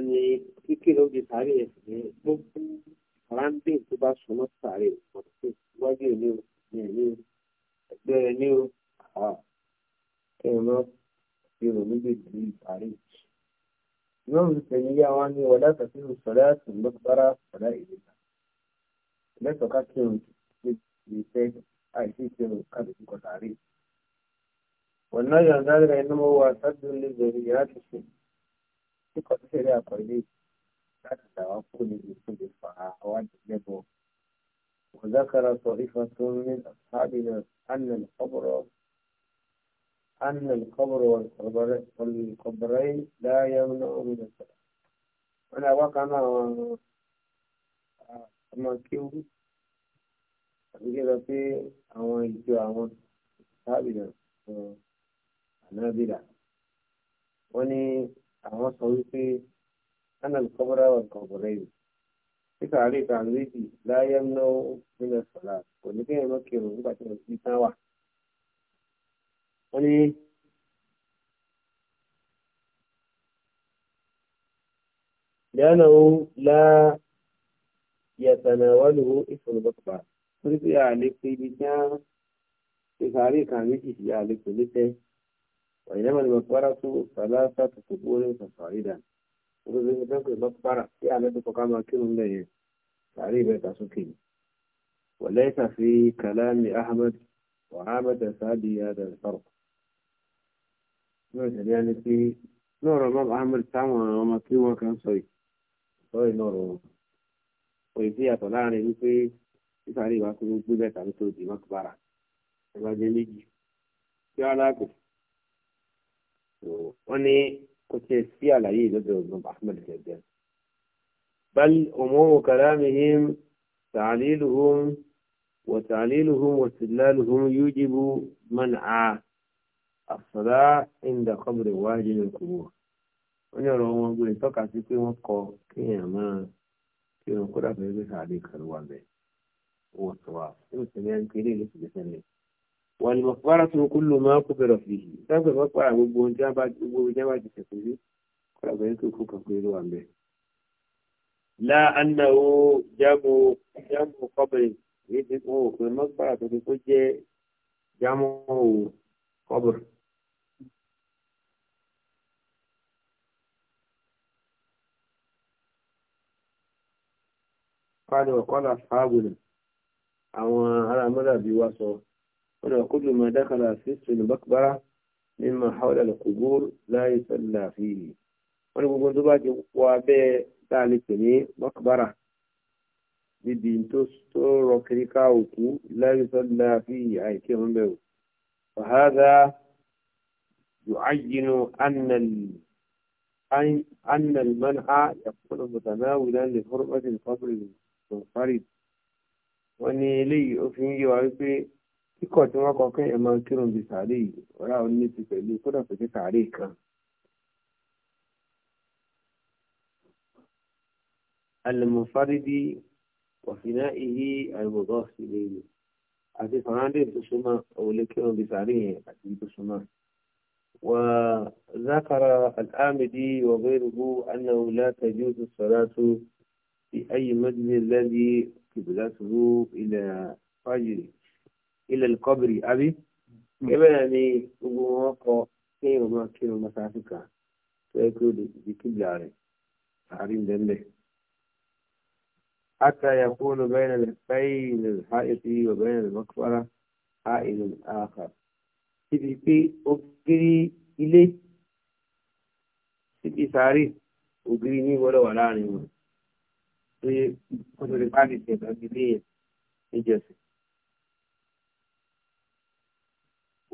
wọn ni kíkéré oge sáré yẹn sì ní gbogbo ráńdé tó bá súnmọ́ sáré ọ̀sẹ̀ iwájú ẹ̀ ní o ní ẹ̀ ní o ẹgbẹ́ ẹ̀ ní o kẹ́hìn mọ́ èrò méjèèjì ní sáré. ìmọ̀ràn ti tẹ̀lé yá wa ní wọlé àtàkùn sọ̀rọ̀ àti mọ́tàrà sọ̀rọ̀ ìlera lẹ́tọ̀ọ́ ká kírun ní ìfẹ́ àìsí kírun káàdì kíkọ sáré. wọ̀nà yọ̀ǹda rẹ̀ inú wa sábẹ́ lè bẹ̀rẹ̀ yàrá tuntun kíkọ́ tó ṣẹlẹ̀ àkọ́lé láti dà wá kó níbi tó lè fà á wá nílẹ̀bọ. وذكر طائفة من أصحابنا أن القبر أن القبر والقبرين لا يمنع من الصلاة. أنا وقعنا ọmọ kíwú àti kí n sọ pé àwọn ìjọ àwọn sábìlà ànábìlà wọn ní àwọn sọ wípé anal kọ́bọ́rá wà kọ̀bọ̀rẹ́ yìí tí kàárẹ̀ kan méjì láyé náà nílẹ̀ sọ̀rọ̀ kò ní kéèyàn máa kírun nígbà tí wọ́n ti tán wà. wọ́n ní لأنه لا يتناوله اسم البطبع torí pé àlè pé ibi tí wọ́n ti kàárẹ̀ kan méjì sí àlè وإنما المقبرة ثلاثة قبور فصاعدا ورزق نفسك المقبرة في علامة قام كل له تعريبة سكين وليس في كلام أحمد وعامة سادي هذا الفرق مثل يعني في نور الإمام أحمد تعمل وما كيوا كان صوي صوي نور ويفيا طلعني في تعريبة كل بيت على تودي مقبرة ما جميل يا لاكو wọ́n ní kò tiẹ̀ sí àlàyé lọ́dọ̀ ọ̀gbọ́n ahmed gẹ̀gẹ́ bal umuru kalamihim ta'liluhum wa ta'liluhum wa istidlaluhum yujibu man'a as-sala inda qabri wahid min al-qubur wọ́n ní ọ̀rọ̀ wọn gbé tọ́ka sí pé wọ́n kọ kéèyàn máa kí wọn kó dàbí ẹgbẹ́ sàádé kan wà bẹ́ẹ̀ wọ́n sọ wa yóò tẹ̀lé ẹni pé ilé ìlú ti gbé sẹ́lẹ̀ wọ́n ní mọ̀fára tó kú ló máa kó bẹ̀rọ̀ fi yìí sábẹ̀ bá pàrọ̀ gbogbo ohun tí wọ́n bá gbogbo ohun tí wọ́n bá ti tẹ̀sí sí kọ́lá bẹ̀rẹ̀ tó kú kan pé ló wà mẹ́. lá anáwó jámo jámo kọ́bẹ̀rẹ̀ èyí ti kún òkú mọ́fára tó ti kó jẹ́ jámo kọ́bẹ̀rẹ̀. قال وقال أصحابنا أو هذا ماذا بيواسو قل كل ما دخل في المقبرة مما حول القبور لا يصلى فيه wọ́n ní gbogbo tó bá ti wọ abẹ́ tá a lè pè ní mọ́kàbára níbi tó rọ kiri ká òkú láyé sọ́dọ̀ fi àìkí ọ̀hún bẹ̀rù fàhádà yòájínú annal manha yakuna mutanawilan lè fọ́rọ́mọ́tì fọ́bìrì mọ̀fárì wọ́n ní eléyìí ó fi ń yé wa wípé kíkọ̀ tí wọ́n kọ kéèyàn máa kírun bíi sàárè yìí ọ̀rá òun ní ti won ko e maa kódà pé sàárè kan. alẹ́mọ̀ alimọ̀fárídì ọ̀fìnà ìhí àìbọ̀gọ́ sílé yìí àti fàràǹdì tó súnmọ́ òun òwúlé kírun bíi sàárè yẹn àti tó súnmọ́. wà zákàrà àmìdí وذكر الآمدي وغيره أنه لا تجوز الصلاة في أي مجلس الذي قبلته ilẹ̀ فجره إلى القبر أبي إبن أبي أبو موقع كي وما كي وما سافكا فأكود بكب لاري تعريم دنبه حتى يكون بين الحين الحائط وبين المقبرة حائل آخر سيدي في أبكري إلي سيدي ساري أبكريني ولا ولا نيمون في قدر الحادثة أبكريني إجاسي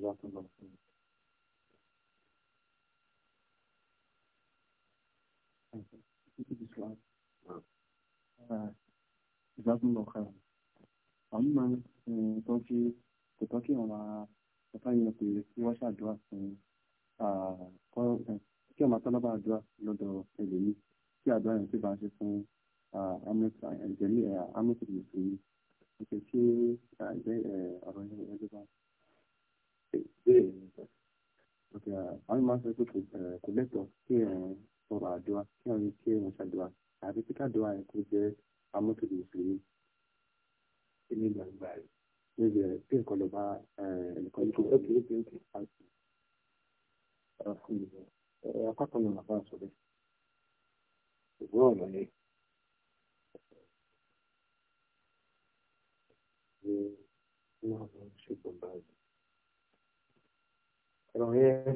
Ìzákùnlọ̀ kàrà. Àwọn mímọ̀ tó ṣe kò tọ́ kí ọmọ ọ̀tá yẹn pé kí wọ́n ṣàdúrà fún kí ọmọ tọ́lọ́bà àdúrà lọ́dọ̀ ẹlòmí kí àdúrà yẹn sì bá ṣe fún amẹ́tìrì ìsinmi. Ìṣe ṣé ọ̀rọ̀ yẹn ẹgbẹ́ bá ìbéèrè mi sọ. ọ̀kẹ́ àwọn máa ń sọ pé kò lẹ́tọ̀ọ́ kí ẹ̀rùn sọ̀rọ̀ àdúrà kí ẹ̀rùn kí ẹ̀rùn ṣàdúrà àti pé káàdùrà ẹ̀ kó jẹ́ amókèdè ìṣèlú ní gbàgbà rẹ̀ níbi rẹ̀ pé ẹ̀kọ́ lọ bá ẹ̀ẹ̀kan tó ọ̀kẹ́ ó ti àti akọ́kọ́ náà bá sọ bẹ́ẹ̀ ṣùgbọ́n ọ̀nà yẹn. Não, não, chegou base ọ̀rọ̀ yẹn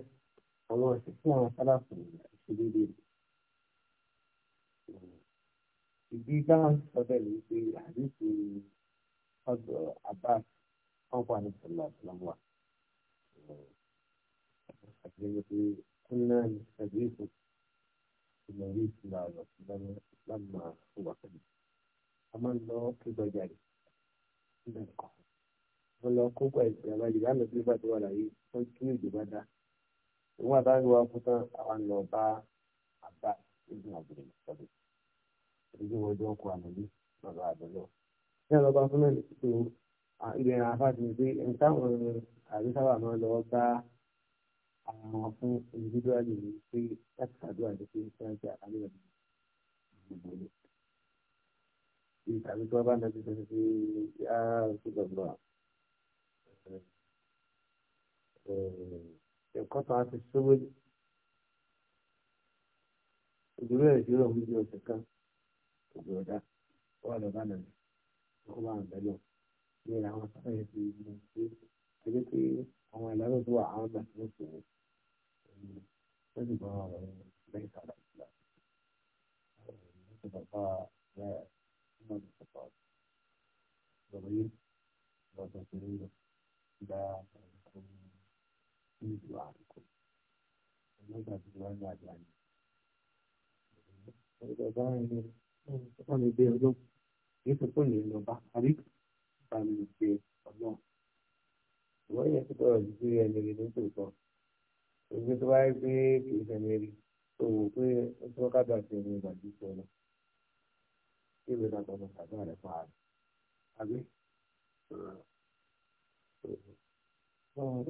àwọn ìṣẹ́kí àwọn sálàfù ìṣèlédè rẹ̀. ìdí dáhùn sọ bẹ́ẹ̀ ni pé àdéhùn ọ̀dọ̀ abbas ọ̀pọ̀ àdéhùn ọ̀sán wà. àgbẹ̀yẹ pé kúnlẹ̀ ìṣẹ̀lẹ̀kùn ìmọ̀lẹ́ ìṣúná ọ̀rọ̀ lọ́nà ìwà pẹ̀lú. a máa ń lọ kí gbọ́jà rẹ̀ nígbà kan wọn lọ kó pa ìsìn àbá yorùbá lọ sí ìbàdàn wà láyé wọn kí ìjọba dá ìwọn àbáyọ wa fún tán àwọn lọ bá àbá ìdùn àbúrò ìsọdọ ìdí wọn jọ kó àmọ ní bàbá àbúrò ní ọlọpàá fún náà tó ilẹ̀ àfáàtì ni pé ẹni táwọn àbí sábà máa lọ bá àwọn wọn fún individual ni pé láti ṣàdúrà ní pé sáńtì àkàlẹ̀ ìgbìmọ̀ ni. Ìtàbí tí wọ́n bá ń dájú sọ pé yára انقطعت السبل ودلوقتي يجيله فيديو سكان وجوده ولا بلد وخلان بلو ليه عم صحيح في المنزل حاجتي هو لا بضوع عامة نفسه تجب بيت على الإسلام نجب الله لا أمم الخطاب ضريب وضريب لا تكون في دعائكم وماذا تدعون أدعاني فإذا دعاني أنا بيعلم يتكون لأنه بعد حريق فأنا بيعلم الله وهي تدعو الجزيرة اللي بنتوتو ìgbé tó bá rí pé kì í sẹ́ni rí tó wò pé ó tó kábà sí ẹni ìgbà tí sọ lọ kí ìwé náà tọmọ tàbí àrẹ fún ààrẹ àbí Well,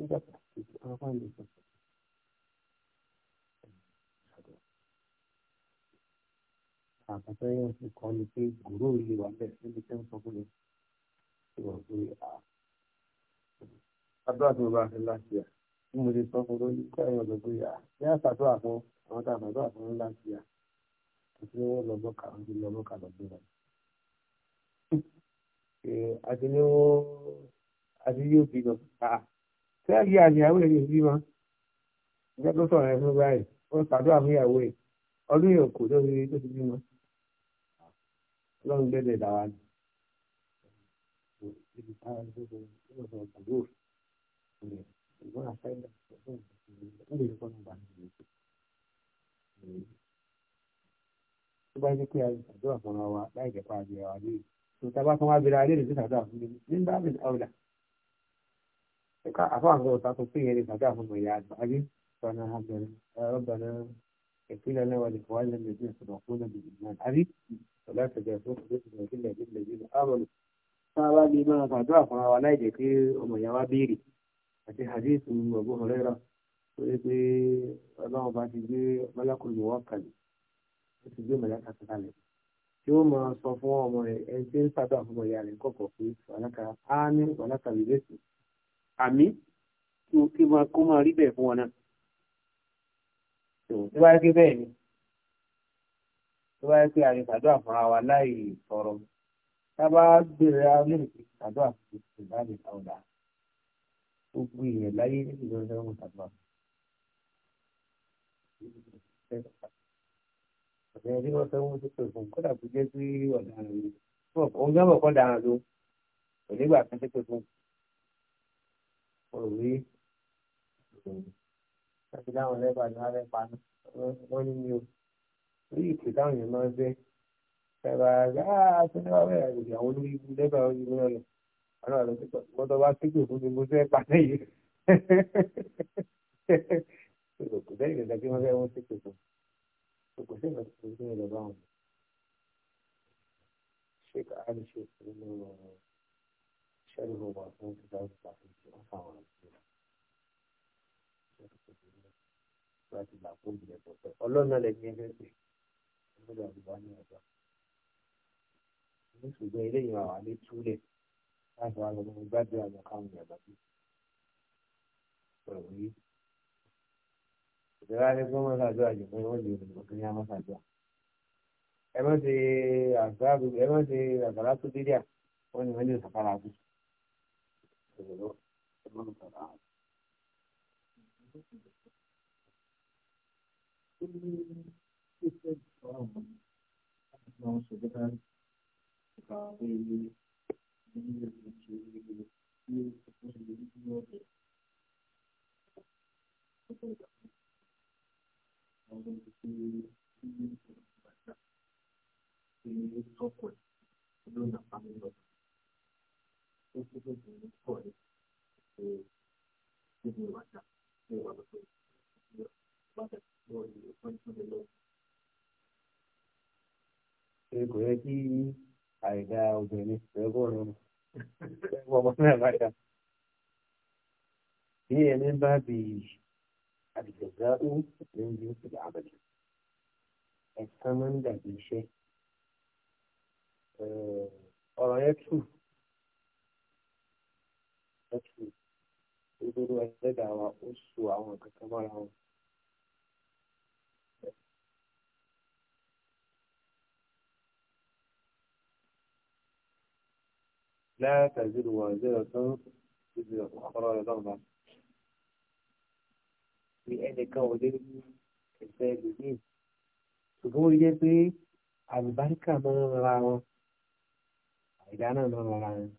pé gòró ilé wa bẹ́ẹ̀ níbi tẹ́ ń sọ fún mi ṣe wà pé a. àdúrà tí mo bá fi láti à tí mo lè sọ fún lórí kí àwọn ọ̀dọ́ pé a ní àtàdúrà fún àwọn tá a tàdúrà fún láti à àti wọ́n lọ bọ́kà wọ́n ti lọ bọ́kà lọ́dún rẹ̀. àti ní wọ́n àti yóò bímọ sẹ́ẹ̀gì ah, àníyàwó ẹ̀ yóò bímọ ìjọ tó sọ̀rọ̀ ẹ̀ fún báyìí wọ́n ṣàdúrà fún ìyàwó ọdún yóò kó lórí tó ti bímọ ọlọ́run gbẹ́dẹ̀ dà wá ní. Tó bá jẹ́ pé a ṣàdúrà fún wa láì jẹ́ pa àjẹ́ wa lórí. Tòun ta fún wa bèrè ayé lè ṣe ṣàdúrà fún mi. Nígbà mi ọ̀la ẹ̀ka àfáàgbọ́ ọ̀tá tó pé yẹn lè gbàgbé àwọn ọmọ ìyá àgbà ayé ọ̀nà ọ̀gbọ̀nà ẹ̀fílẹ̀ náà wà lè fọwọ́ ilẹ̀ méjì ìṣòro fún ẹ̀mí ìgbìmọ̀ àbí ọ̀lá ìṣẹ̀jẹ̀ tó kù lóṣù tó kílẹ̀ ní ìlẹ̀jì ààbọ̀ lò sábà ní máa gbàdúrà fún wa láì jẹ́ pé ọmọ ìyá wa béèrè àti hadith ọ̀bù ọ̀rẹ́ra tó yẹ pé ọlọ́run bá ti gbé mọ́lákùnrin mọ́wá kalẹ̀ ó ti gbé mọ́láka kalẹ̀ tí ó máa sọ fún ọmọ ẹ̀ ẹni tí ń sábà fún ọmọ ìyá rẹ̀ kọ̀ọ̀kọ̀ pé wàlákà á ní wàlákà lè lẹ́sìn àmì kí máa kó máa rí bẹ́ẹ̀ fún wọn náà tó bá pé bẹ́ẹ̀ ni tó bá yẹ pé àyè ṣàdúrà fúnra wa láì sọ̀rọ̀ tá a bá gbèrè ra lórí ṣàdúrà fún ìbáraẹni kan dà gbogbo ìyẹn láyé nínú ìjọba ìjọba ìṣàdúrà. ọ̀sẹ̀ ní wọ́n fẹ́ wọ́n tó pè fún kódà kó jẹ́ pé ọ̀daràn ni ọ̀gá bọ̀ kọ́ daràn ló kò nígbà kan tó pè fún òwe láti dáhùn lẹ́bàá ní alẹ́ paná wọ́n ní mi ò rí ìpè táwọn èèyàn máa ń fẹ́ ẹ̀rọ àgbà tó ní wàá bẹ̀rẹ̀ àgbègbè àwọn olórí ibi lẹ́bàá orí ibi náà lọ àwọn àlọ́ tó kọ́ tó bá kéjò fún mi mo fẹ́ paná yìí kò sẹ́yìn ìgbà tí wọ́n fẹ́ wọ́n kéjò fún mi kò sẹ́yìn ìgbà tí wọ́n fẹ́ wọ́n kéjò fún mi lọ́ba wọn. ṣé ká á lè ṣe ìpinnu ọ̀rọ̀ شرح هو أصلا كتاب صحيح وفاهم láti là fún ìbílẹ̀ pọ̀pẹ́ ọlọ́run náà lẹ́yìn ẹgbẹ́ pé ọlọ́run àdúgbò ní ọ̀dọ́ ní ṣùgbọ́n eléyìí àwọn àlè túlẹ̀ láti wá lọ́mọ gbádùn àwọn káwọn èèyàn bá bí pẹ̀lú yìí ìdílé alẹ́ gbọ́mọ̀ ṣàdúrà jù pé wọ́n lè rìn òkè ní àwọn ṣàdúrà ẹ má ṣe àgbà ẹ má ṣe àgbàlá tó dédé à wọ́n ní wọ́n lè sàkárà bù pero hermano Canal. Thank you ó kò yẹ kí àìdá obìnrin rẹ bọ̀rọ̀ mu ẹ̀wọ̀n ọmọ náà bá bí ẹni bá bí àdìgbàgbà ó ló bí ó ti dà àbẹ̀jẹ̀ ẹ̀sán máa ń dàbí iṣẹ́ ọ̀rọ̀ yẹn tù fẹ́tù olóró ẹlẹ́dàá wa ó so àwọn nǹkan mọ́ra wọn. لا تزر وازرة وزر أخرى لضغطة لأن كودين ìfẹ́ lòdì ṣùgbọ́n ó yẹ pé àlùbáríkà máa ń ra wọn àìdáná máa ń ra wọn.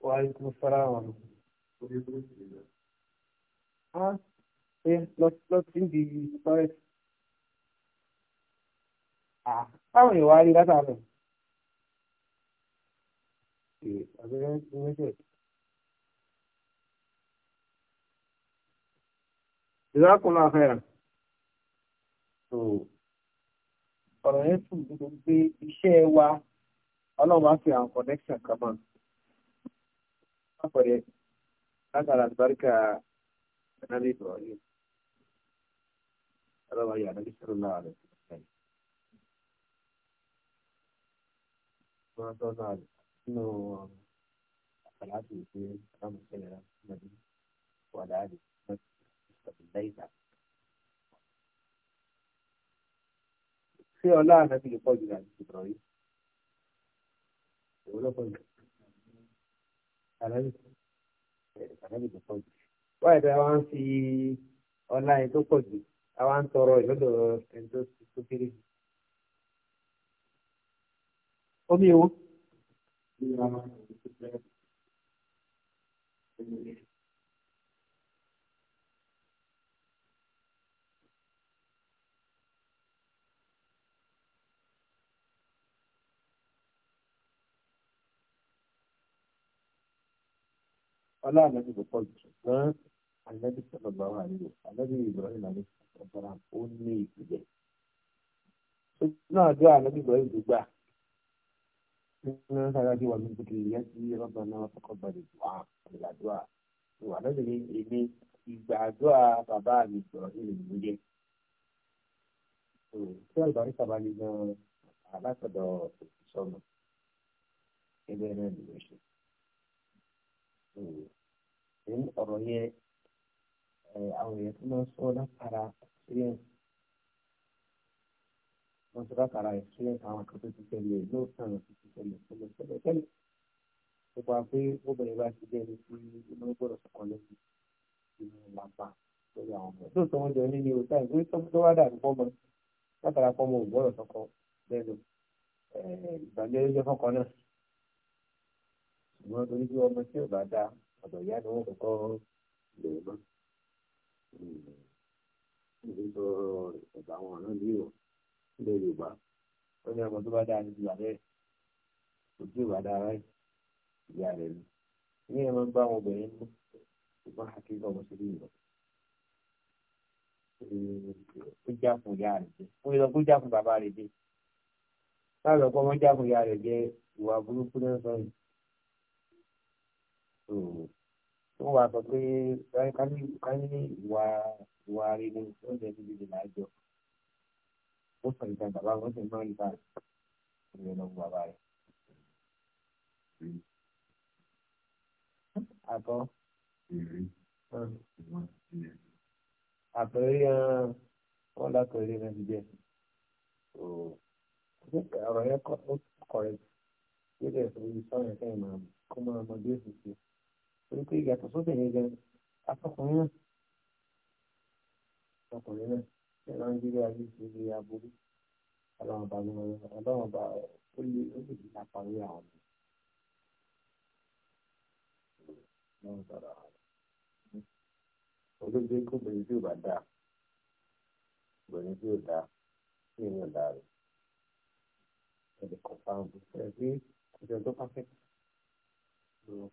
Wa alaikum salaam. Ah, ṣe lọ sí di forest. Ah, báwo ni wàá rí látàrọ? Àbẹ̀rẹ̀ ń mẹ́sẹ̀. Ìdákùnlá fẹ́ràn. Ọ̀rọ̀ yẹn tún gbogbo pé iṣẹ́ wa ọlọ́run á fi àwọn connection kan mọ́ saboda kasar albarka da na zai a zama yana da shirin na da kai kuma zauna no salatu ce na musulun na bi wada ne na stabilizer sí ọlá àná ti lè pọ̀ jù láti ìbọ̀rọ̀ yìí òun àlàyé àlàyé tó pọ̀ jù wáyé tó wá ń fi ọlá yẹn tó pọ̀ jù àwa ń tọrọ ìlọ́dọ̀ ẹni tó kéré omi ewo. ولا الذي بقلت شكرا النبي صلى الله عليه وسلم النبي إبراهيم عليه الصلاة والسلام ó ní ìpìlẹ̀ náà dúró ànábì Ibrahim tó gbà nínú sáyájú wa min dhurriyyati rabbana taqabbal du'a ìlàdúrà ìwà lọ́dún ní èmi ìgbàdúrà bàbá mi Ibrahim ìlú jẹ́ tí hmm, àlùbárí sábà ní gan-an alátọ̀dọ̀ ìsọ̀nà ẹgbẹ́ náà nìyẹn ṣe. ẹ̀yìn ọ̀rọ̀ yẹn àwọn èèyàn tó máa ń sọ látara experience wọ́n sọ látara experience àwọn kan tó ti tẹ̀lé lóòótọ́ àwọn tó ti tẹ̀lé tẹ̀lé tẹ̀lé tẹ̀lé nípa pé obìnrin bá ti jẹ́ ẹni tí inú lẹ́yìn inú lórí àwọn ọmọ jọ nínú ìwé táyì pé tó wá látara lẹ́nu náà. ṣùgbọ́n torí pé ọmọ tí ò bá dá ọ̀dọ̀ ìyá ni wọ́n kọ́kọ́ lè mọ́ ìdí sọ̀rọ̀ ẹ̀bà àwọn ọ̀nà ní ìwọ̀ ilẹ̀ Yorùbá ó ní ọmọ tó bá dáa ní ìgbà bẹ́ẹ̀ kò tí ò bá dáa ráì ìyá rẹ̀ ni ní ẹ̀rọ ń bá àwọn obìnrin mú ṣùgbọ́n àkíkọ́ ọmọ sí ìlú ó já fún ìyá rẹ̀ jẹ́ ó yẹ kó já fún bàbá rẹ̀ jẹ́ láàrín ọkọ ọmọ já fún ìyá rẹ̀ jẹ́ ìwà burúkú náà sọ so tí wọ́n wá sọ pé ká ní ìwà ìwà rere wọ́n jẹ́ níbi ìdè láàjọ ó sọ ìgbà bàbá wọn sì máa ń gbà ìrìn lọ bàbá rẹ̀. àtọ àpẹẹrẹ wọn lápẹẹrẹ náà ti jẹ ọ̀rọ̀ yẹn kọrẹ yóò dẹ sọ yìí sọ̀rọ̀ yẹn kẹyìn máa kó máa mọ bí èsì sí i torí pé ìyàtọ̀ sóbìnrin gan atọ́kùnrin náà ọkùnrin náà ṣe máa ń gbé ayé ti di aburú ọlọ́run ọba ló wọn ọlọ́run ọba ó lè ó lè dìgbà parí àwọn ọmọ ọlọ́run ọba olóògbé kóbìnrin tí ò bá dáa obìnrin tí ò dáa tí èèyàn dáa rẹ̀ ẹ̀dẹ̀ kọ̀ọ̀kan ẹ̀ pé kò sí ọjọ́ pàfẹ́tì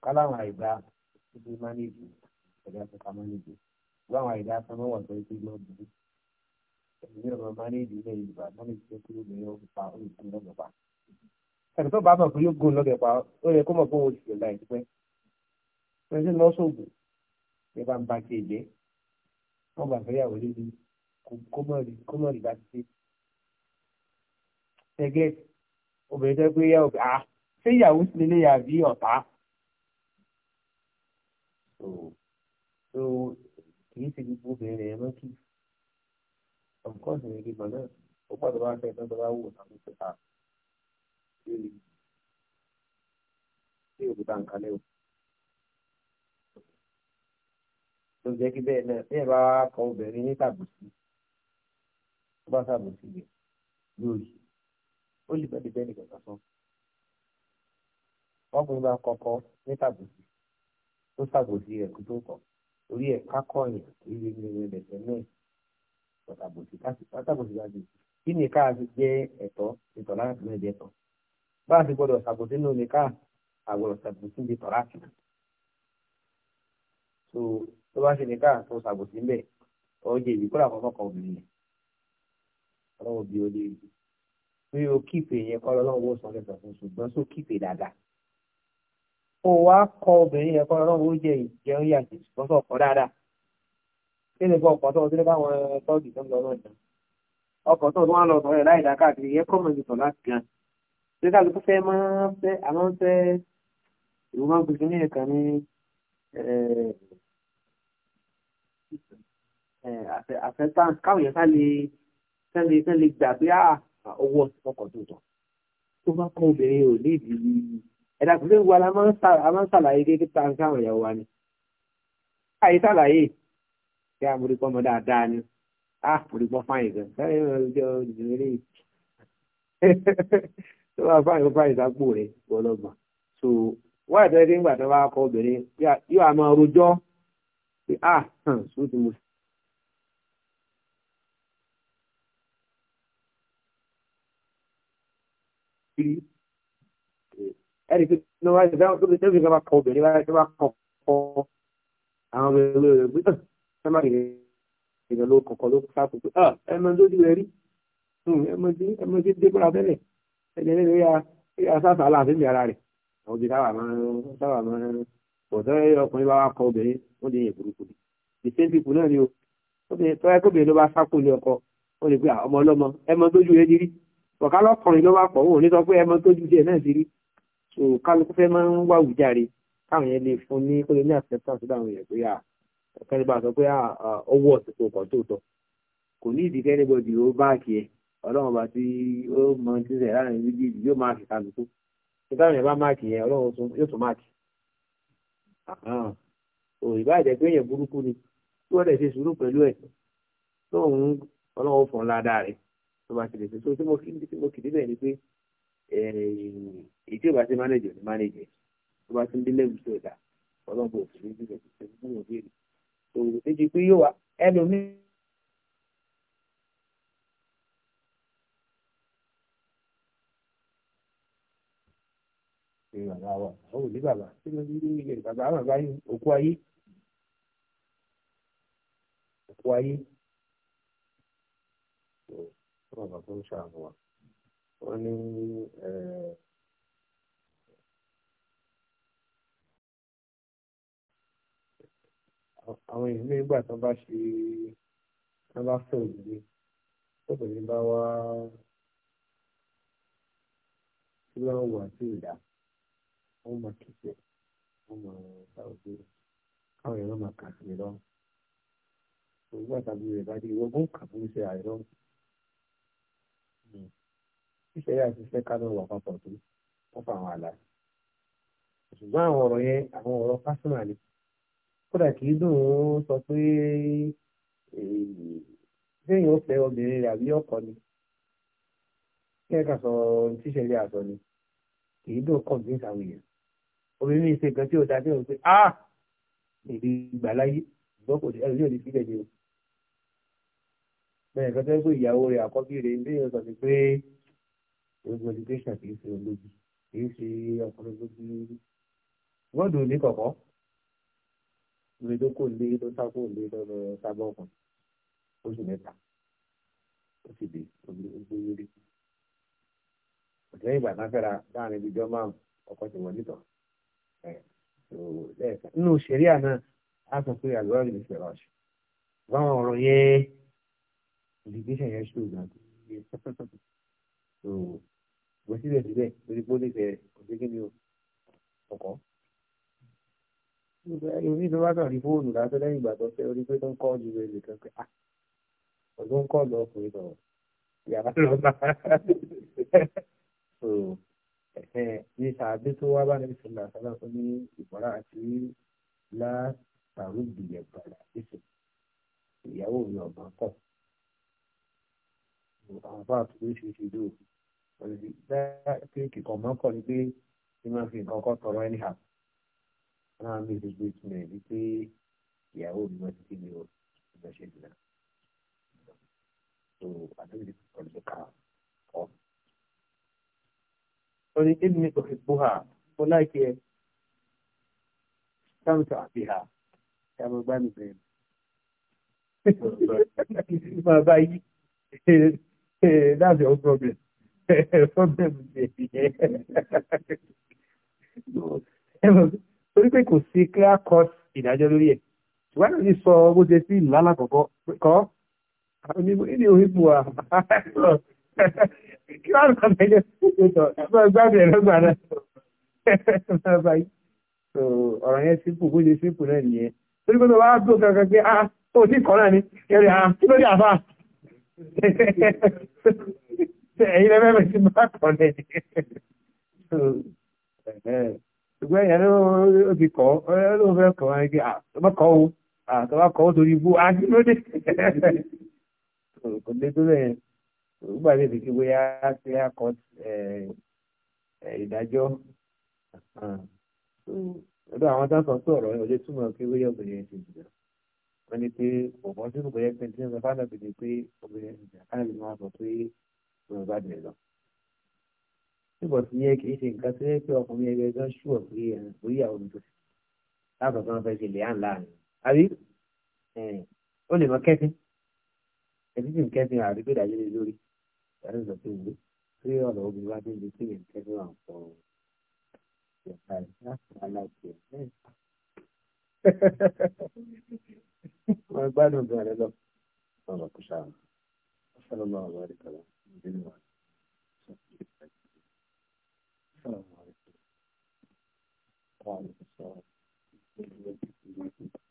kálá àwọn àìgbà tó mánéjì ẹ̀dá tó mánéjì báwọn àìdá kan wà pẹ̀lú pé lọ́ọ́ ẹ̀mí ọ̀rọ̀ mánéjì ilẹ̀ Yorùbá mánéjì tó kúrò ní ọ̀rọ̀ pa olùkún lọ́dọ̀ pa ẹ̀sìn tó bá mọ̀ pé yóò gún lọ́dọ̀ pa ó yẹ kó mọ̀ pé òun ti ṣẹlẹ̀ àìpẹ́ pẹ̀lú lọ́sọ̀gùn ẹ bá ń ba ti ẹ̀jẹ̀ wọ́n bá fẹ́yàwó lébi kó mọ̀ rí bá ti ṣe ẹgẹ́ so kìí ṣe gbogbo obìnrin rẹ̀ mọ́kì ọ̀pọ̀ọ̀sì ní gbígbọ̀n náà orí ẹ̀ka kọ̀yìn orí ẹ̀mí ẹ̀dẹ̀sẹ̀ náà pátábòsí pátábòsí láti kí ni ká ti jẹ́ ẹ̀tọ́ ìtọ̀ láti náà jẹ́ ẹ̀tọ́ bá a ti gbọ́dọ̀ ṣàbòsí nínú ni ká àgbọ̀dọ̀ ṣàbòsí ní ìtọ̀ láti náà so tó bá ṣe ní ká tó ṣàbòsí mbẹ ọjọ́ ìbí kó làkọ́kọ́ kan obìnrin yẹn ọlọ́wọ́ bí o lè rí mi ò kíìpè yẹn kọ́ lọ́wọ́ sọ lẹ́sọ̀ fún ṣùgbọ́n só kíìpè dáadáa kó wá kọ obìnrin yẹn kọ́ ọlọ́run ó jẹ ìjẹun yàtì ṣùgbọ́n sọ ọ̀pọ̀ dáadáa kí ni kọ́ ọ̀pọ̀ tó ọdún báwọn tọ́ọ̀dì tó ń lọ lọ́dà ọkọ̀ tó wọn lọ sọ̀rọ̀ láì dá káàkiri yẹ kọ́ mọ̀jù sọ̀rọ̀ láti gan ṣé káàkiri tó fẹ́ máa ń fẹ́ àmọ́ ń fẹ́ ìwọ máa ń gbèsè ní ẹ̀ka ní àfẹ́tàn káwọn yẹn ká lè tẹ́lẹ̀ tẹ́lẹ̀ gbà pé ah, owó ọkọ̀ tó tó bá kọ́ obìnrin ò ní ìdí ẹ̀dá kò sí gbogbo a máa ń ṣàlàyé kékeré tá à ń káwọn ìyàwó wa ni àyè ṣàlàyé kí a mórí pọ́ dáadáa ni a mórí pọ́ fáyìn gan sáré náà ló jẹ́ ọdún ilé tó bá fáyìn kó fáyìn sápò rẹ̀ bọ́lọ́gbọ̀n so wọ́n àti ẹgbẹ́ ńgbà tó bá kọ obìnrin yóò àmọ́ rojọ́ pé a hàn sóò tí mo fi ẹ̀rí pé ní wọ́n ṣe fẹ́ràn tó fi tẹ́sí ìjọba kan obìnrin wáyé tó bá kàn kọ́ àwọn ọmọ ẹgbẹ́ rẹ̀ pé ẹ má yẹ ìrìn ló kọ̀ọ̀kan ló sáàpù pé ẹ mọ lójú rẹ rí ẹ mọ sí ẹ mọ sí débúra tẹ́lẹ̀ ẹ̀jẹ̀ nínú yà yà sáàsà aláàfin mi ara rẹ̀ àwọn obìnrin sábà máa ń sábà máa ń bọ̀dọ̀ ọkùnrin bá wà kọ obìnrin wọ́n lè yẹ burúkú ni the same people náà ni o tọ́yẹ kóbìnrin ló bá sáàpù lé ọkọ wọ́n lè pe ọmọ ọlọ́mọ ẹ mọ lójú rẹ rí ọ̀ká lọ́kùnrin ló bá ní sọ rẹ ti rí so kálukú fẹ́ máa ń wá wùjáre káwọn yẹn lè fún ní kó lè ní acceptance lọ́dọ̀ àwọn èèyàn pé à ah, kẹ́ni bá sọ pé à ah, ah, ọwọ́ ọ̀sìnkò kan tó tọ̀ kò ní ìdí kẹ́ni bọ́dì ó báàkì ẹ̀ ọlọ́run bá ti ó mọ ti rẹ̀ láàrin méjèèjì yóò máàkì kálukú nígbà yẹn bá máàkì yẹn ọlọ́run yóò tún máàkì ò ìbá pé èèyàn burúkú ni tí wọ́n dẹ̀ ṣe sùúrù pẹ̀lú ẹ̀ tóun ọlọ́run fọ̀n ládàá rẹ̀ tó bá ti lè ṣe ni èyí tí ò bá ti mánéjì ní mánéjì tó bá ti ń délé ìlú sóòdà ọlọ́gbọ̀n òfin ní ìbílẹ̀ tó ti fún òwò tó ti yóò wá ó ní àwọn ìlú nígbà tó bá ṣe tó bá fẹ́ òdìdí tó kò ní bá wá tí wọ́n wà sí ìdá wọ́n máa kíkẹ́ wọ́n máa bá òde káwọn èèyàn máa kà sí lọ. òwúgbà tàbí rẹ̀ bá dé ìwọ́gbọ́n kà fún iṣẹ́ àìrọ́. mm ìṣẹ̀yà àti iṣẹ́ ká ló wà papọ̀ tó wọ́n fa àwọn àlàyé ṣùgbọ́n àwọn ọ̀rọ̀ yẹn àwọn ọ̀rọ̀ pásínà ni kódà kì í dùn ún sọ pé lẹ́yìn ó fẹ́ obìnrin rẹ̀ àbí ọkọ ni kí ẹ̀ka sọ tíṣẹ̀lẹ̀ àsọ ni kì í dùn kọ̀ǹdínsì àwọn èèyàn obìnrin mi ṣe nǹkan tí ó da sí òun pé a èdè ìgbà láyé ìgbọ́n yóò di sílẹ̀ ni o bẹ́ẹ̀ kan tẹ́ pé ìyàwó rẹ̀ àkọ́bí rẹ̀ ń bẹ́ẹ̀ sọ ogun education kì í ṣe olójú kì í ṣe ọkùnrin lójú wọ́ọ̀dù òní kọ̀kọ́ ní tó kò lé tó sákò lé lọ́rọ̀ sábà ọkùnrin oṣù mẹ́ta ó sì dé ogbóyè rí lẹ́yìn ìgbà náà fẹ́ra láàrin ibi jọ́mọ́ ọkọ ti wọ̀ nítọ̀ nínú ṣẹ̀ríà náà a sọ pé àgbẹ̀wò ìlú ìṣẹ̀lẹ̀ ọ̀ṣun báwọn ọ̀rọ̀ yẹn education yẹn ṣòro náà wọ́n síbẹ̀síbẹ̀ lórí pé ó lè fẹ̀rẹ̀ kò sí kí ni o ọkọ̀. ìbí tó bá kàn rí fóònù lásán lẹ́yìn ìgbà tó fẹ́ orí pé tó ń kọ́ ju rẹ̀ nìkan pé ah ọdún ń kọ́ lọ ọkùnrin sọ̀rọ̀ yàrá lọ bá so ní sàbí tó wá bá ní sọ̀rọ̀ àsálà tó ní ìbọ̀rá àti látàrí ìgbìyànjú ìsìn ìyàwó mi ọ̀gbọ́n kọ̀ àwọn bá àtúntò ṣe ṣe dúró òdìdí kéèkì kan máa ń kọ́ ni pé ṣé máa fi nǹkan kọ́ tọrọ ẹni hà náà mi ti gbé tìmẹ̀ ní pé ìyàwó mi wọ́n ti kí mi ò lọ ṣe ìdìnnà tó àdébìdì ọ̀dọ́ ká ọ́. ó ní kí ni òfin bó hà ó láìkí ẹ sáwọn tó àbí hà kí a máa gbá mi bẹ̀rẹ̀. máa bá yí that's your own problem. torí pé kò sí clear cut ìdájọ́ lórí ẹ̀ ṣùgbọ́n náà ní sọ bó ṣe sí ìlú alákọ̀ọ́kọ́ kọ́ ní oríbu wa kí wọ́n lọ bẹ̀rẹ̀ ṣètò ẹ̀fọ́ gbàgbé ẹ̀rọ́gbà náà ọ̀rọ̀ yẹn sípò bó ṣe sípò náà nìyẹn torí pé tó bá dùn kankan pé ah ó ní kọ́ náà ni kí ló dé ah, àfà ẹ̀yin ìdájọ́ lọ́dọ̀ àwọn tá a sọ sí ọ̀rọ̀ yẹn ò lè túmọ̀ wíyá obìnrin ti jìyà wọ́n ní pé ọ̀pọ̀ sínú kò yẹ pé tí wọ́n sọ fáwọn pé obìnrin ti jìyà káàdì máa sọ pé ló bá dẹ̀ lọ. níbo tí yẹ kì í ṣe nǹkan tó yẹ pé ọkùnrin ẹgbẹ́ gan ṣù ọ̀ pé ìgbéyàwó mi tó ṣe láàbọ̀ tí wọ́n fẹ́ ṣe lẹ́yìn láàrin àbí ó lè mọ kẹ́fín ẹbí sì ń kẹ́fín àrí pé ìdájọ́ lé lórí ìdájọ́ sọ pé ìwé pé ọ̀rọ̀ obìnrin bá dé ibi tí èèyàn kẹ́fín wà pọ̀ ìyàtà ìyá aláìsí ẹ̀ wọ́n gbádùn gan-an lọ. Ọ̀rọ̀ kò sáà. Ọ̀sán ló máa wà lórí kọlọ́. السلام عليكم وعليكم السلام